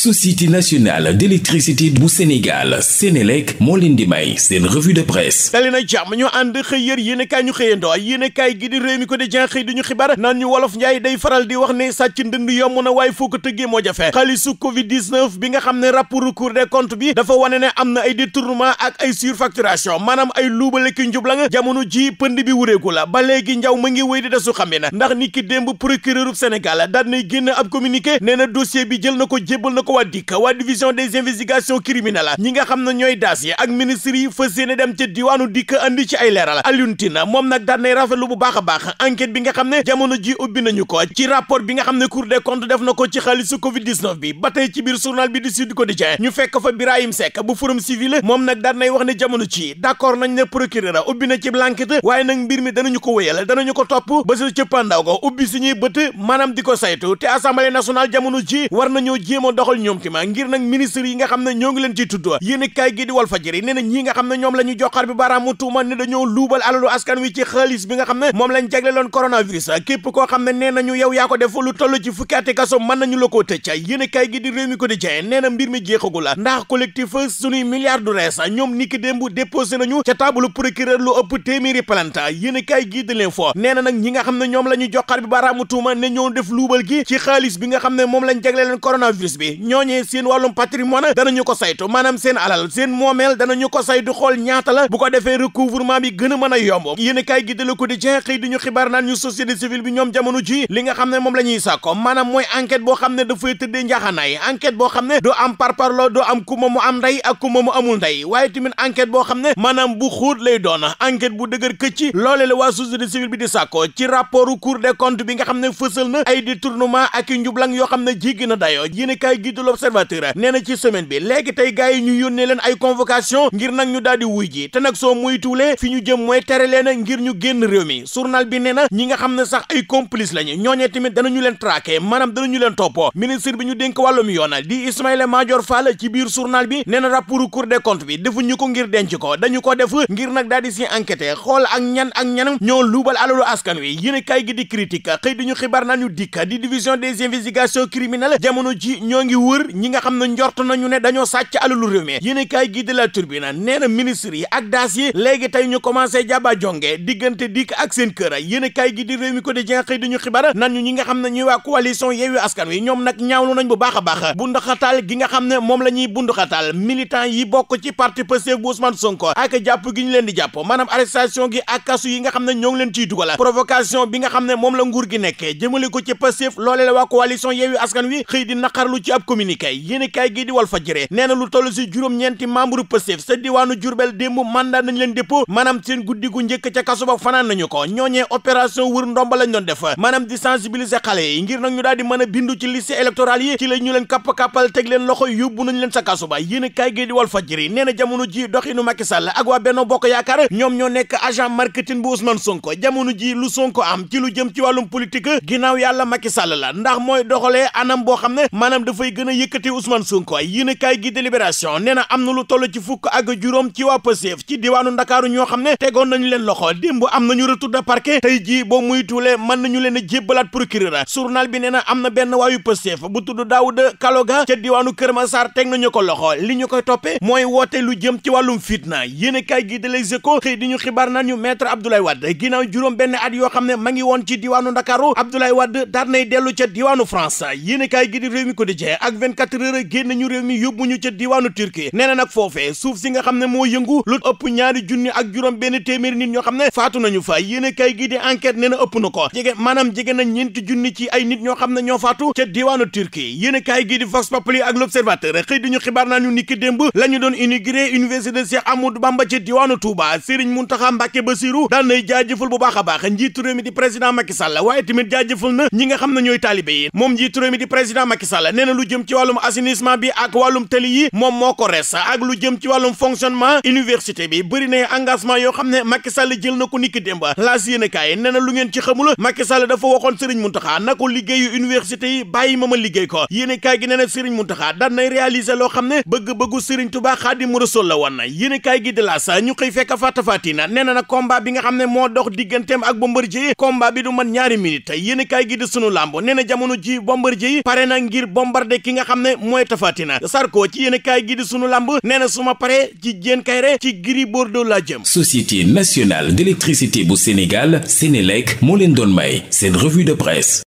société nationale d'électricité bu Sénégal Sénélec moo leen di may seen revue de presse dali na ñu ànd xëy yër yéen kaay ñu xëyandoo yéen kaay gi di réew mi ko di jen xëy di ñu xibaar wolof njaay day faral di wax ne sàcc ndënd yomb na waaye foo ko tëggee moo jafe xaalisu covid bi nga xam ne rapport Cour des comptes bi dafa wane ne am na ay détournement ak ay surfacturation maanaam ay luubale ki njubla nga jamono ji pënd bi wureeku la ba léegi njaw ma ngi wéy di desu xam ndax ni ki démb procureur Sénégal daal bi jël na ko jébbal ko waa dikk waa division des investigations criminelles ñi nga xam ne ñooy daas ak ministre yi fas dem ca diwaanu dikk andi ci ay leeral Alioune Tine moom nag daan nay rafetlu bu baax baax enquête bi nga xam ne jamono ji ubbi nañu ko ci rapport bi nga xam ne Cour des comptes def na ko ci xaalisu covid bi ba ci biir journal bi di Sud Quotidien ñu fekk fa Birahim Seck bu Forum Civil moom nag daan nay wax ne jamono ci d'accord nañ ne procureur a doxal leen ñoom tima ngir nag ministre yi nga xam ne ñoo ngi leen ciy tudd yéen kaay gi di wal fajiri nee na ñi nga xam ne ñoom la ñu joxaar bi baaraamu tuuma ne dañoo luubal alalu askan wi ci xaalis bi nga xam ne moom lañ jagleloon coronavirus képp koo xam ne nee nañu yow yaa ko def lu toll ci fukki ati kaso mën nañu la koo tëcc yéen kaay gi di réew mi ko di jaay nee na mbir mi jeexagul la ndax collectif suñuy milliards du rees ñoom niki démb déposé nañu ca taabalu procureur lu ëpp téeméeri plainte yéen kaay gi di leen fo nee na nag ñi nga xam ne ñoom la ñu joxaar bi baaraamu tuuma ne ñoo def luubal gi ci xaalis bi nga xam ne moom lañ jagleloon coronavirus bi ñooñee seen wàllum patrimoine danañu ko saytu maanaam seen alal seen moomeel danañu ko saytu xool ñaata la bu ko defee recouvrement bi gën mën a yomb yéen kaay gi de Le Quotidien xëy di ñu xibaar naan ñu société civile bi ñoom jamono ji li nga xam ne moom la ñuy sàkko maanaam mooy enquête boo xam ne dafay tëddee njaxanaay enquête boo xam ne du am parparloo du am kuma mu am ndey ak kuma mu amul ndey waaye tamit enquête boo xam ne maanaam bu xóot lay bu dëgër këcc loole la waa société civile bi di sàkko ci rapportu Cour des bi nga xam ne fësal na ay détournement ak yoo xam ne jéggi na dayoo yéen kaay njiitu l'observateur nee na ci semaine bi léegi tey gars yi ñu yónnee leen ay convocation ngir nag ñu daal wuy ji te nag soo muytuulee fi ñu jëm mooy tere leen ngir ñu génn réew mi bi nee na ñi nga xam ne sax ay complice lañu ñooñee tamit danañu leen traqué maanaam danañu leen toppoo ministre bi ñu dénk wàllum yoon di Ismaïla Madior Fall ci biir journal bi nee na Cour des comptes bi defuñu ko ngir denc ko dañu ko def ngir nag daal si enquêté xool ak ñan ak ñanam ñoo luubal alalu askan wi yéen kay gi di wër ñi nga xam ne njort nañu ne dañoo sàcc alalu réew mi yéen kaay gi de turbina nee na ministre yi ak daas yi léegi tey ñu commencé jaba jonge diggante dikk ak seen kër a yéen kaay gi di réew mi ko di jenxëy di ñu xibaar nan ñu ñi nga xam ne ñuy waa coalition Yewwi Askan Wi ñoom nag ñaawlu nañ bu baax a baax bunduxataal gi nga xam ne moom la ñuy bunduxataal militant yi bokk ci parti Pastef bu Ousmane Sonko ak jàpp gi ñu leen di jàpp maanaam arrestation gi ak kasu yi nga xam leen ciy dugal provocation nga xam ne moom la nguur gi nekkee jëmale ko ci Pastef loolee la waa coalition Yewwi communiqué yéenekaay gi di Walfadjri nee na lu toll si juróom-ñeenti membre Pastef sa diwaanu Jurbel démb mandat nañ leen dépôt maanaam seen guddi gu njëkk ca kaso ba fanaan nañu ko ñooñee opération wër ndomba lañ doon def maanaam di sensibiliser xale yi ngir nag ñu daal di mën a bindu ci liste électorale yi ci la ñu leen kapp-kàppal teg leen loxo yóbbu nañ leen sa kaso ba yéenekaay gi di Walfadjri nee na jamono ji doxinu Macky Sall ak waa Benno Bokk Yaakaar ñoom ñoo nekk agent marketing bu Ousmane Sonko jamono ji lu Sonko am ci lu jëm ci wàllum politique ginnaaw yàlla Macky Sall la ndax mooy doxalee anam boo xam ne maanaam dafay gën a yëkkati Ousmane Sonko yéenekaay gi délibération nee na am na lu toll ci fukk ak juróom ci waa Pastef ci diwaanu Ndakaaru ñoo xam ne tegoon nañu leen loxo démb am nañu retour de parquet tey jii boo muy tuulee mën nañu leen a jébbalaat procureur journal bi nee na am na benn waayu Pastef bu tudd Daouda Kaloga ca diwaanu Kër ma Massar teg nañu ko loxo li ñu ko toppee mooy woote lu jëm ci wàllum fitna yéenekaay gi de Les Échos xëy di ñu xibaar naan ñu maître Abdoulaye Wade ginnaaw juróom benn at yoo xam ne ma ngi woon ci diwaanu Ndakaaru Abdoulaye Wade daat nay dellu ca diwaanu France yéenekaay gi di Rewmi Quotidien ak 24 heures génn ñu réew mi yóbbu ca diwaanu Turquie nee nag foofee suuf si nga xam ne moo yëngu lu ëpp ñaari junni ak juróom benn téeméeri nit ñoo xam ne faatu nañu fa yéene kay gi di enquête nee ëpp na ko jege jege na ñeenti junni ci ay nit ñoo xam ne ñoo faatu ca diwaanu Turquie yéene kay gi di Vox Populi ak l'Observateur xëy di xibaar naa ñu niki démb la ñu doon inauguré université Cheikh Amadou Bamba ca diwaanu Touba Serigne Mountakha Mbacké Bassirou daan nay jaajëfal a baax njiitu réew jëm ci wàllum assainissement bi ak wàllum tëli yi moom moo ko res ak lu jëm ci wàllum fonctionnement université bi bëri na engagement yoo xam ne Macky Sall jël na ko niki démb laas yéen a kaay nee na lu ngeen ci xamul Macky Sall dafa waxoon Serigne Mountakha na ko liggéeyu université yi bàyyi ma ma liggéey ko yéen a kaay gi nee na Serigne Mountakha daan nay loo xam ne bëgg-bëggu Serigne Touba Xaadimu Rasuul la woon yéen a kaay gi de la sa ñu xëy fekk faatafaatiina nee na nag combat nga xam ne moo dox digganteem ak Bombardier combat bi du man ñaari minute yéen a gi de sunu làmb nee na jamono ji Bombardier pare na ngir bombarder ki nga xam ne mooy tafaatina sarko ci yéen kaay gi di sunu lamb nee na su ma pare ci jéen kayre ci Gris Bordeaux la jëm société nationale d'électricité bu Sénégal Sénélec moo leen doon may seen revue de presse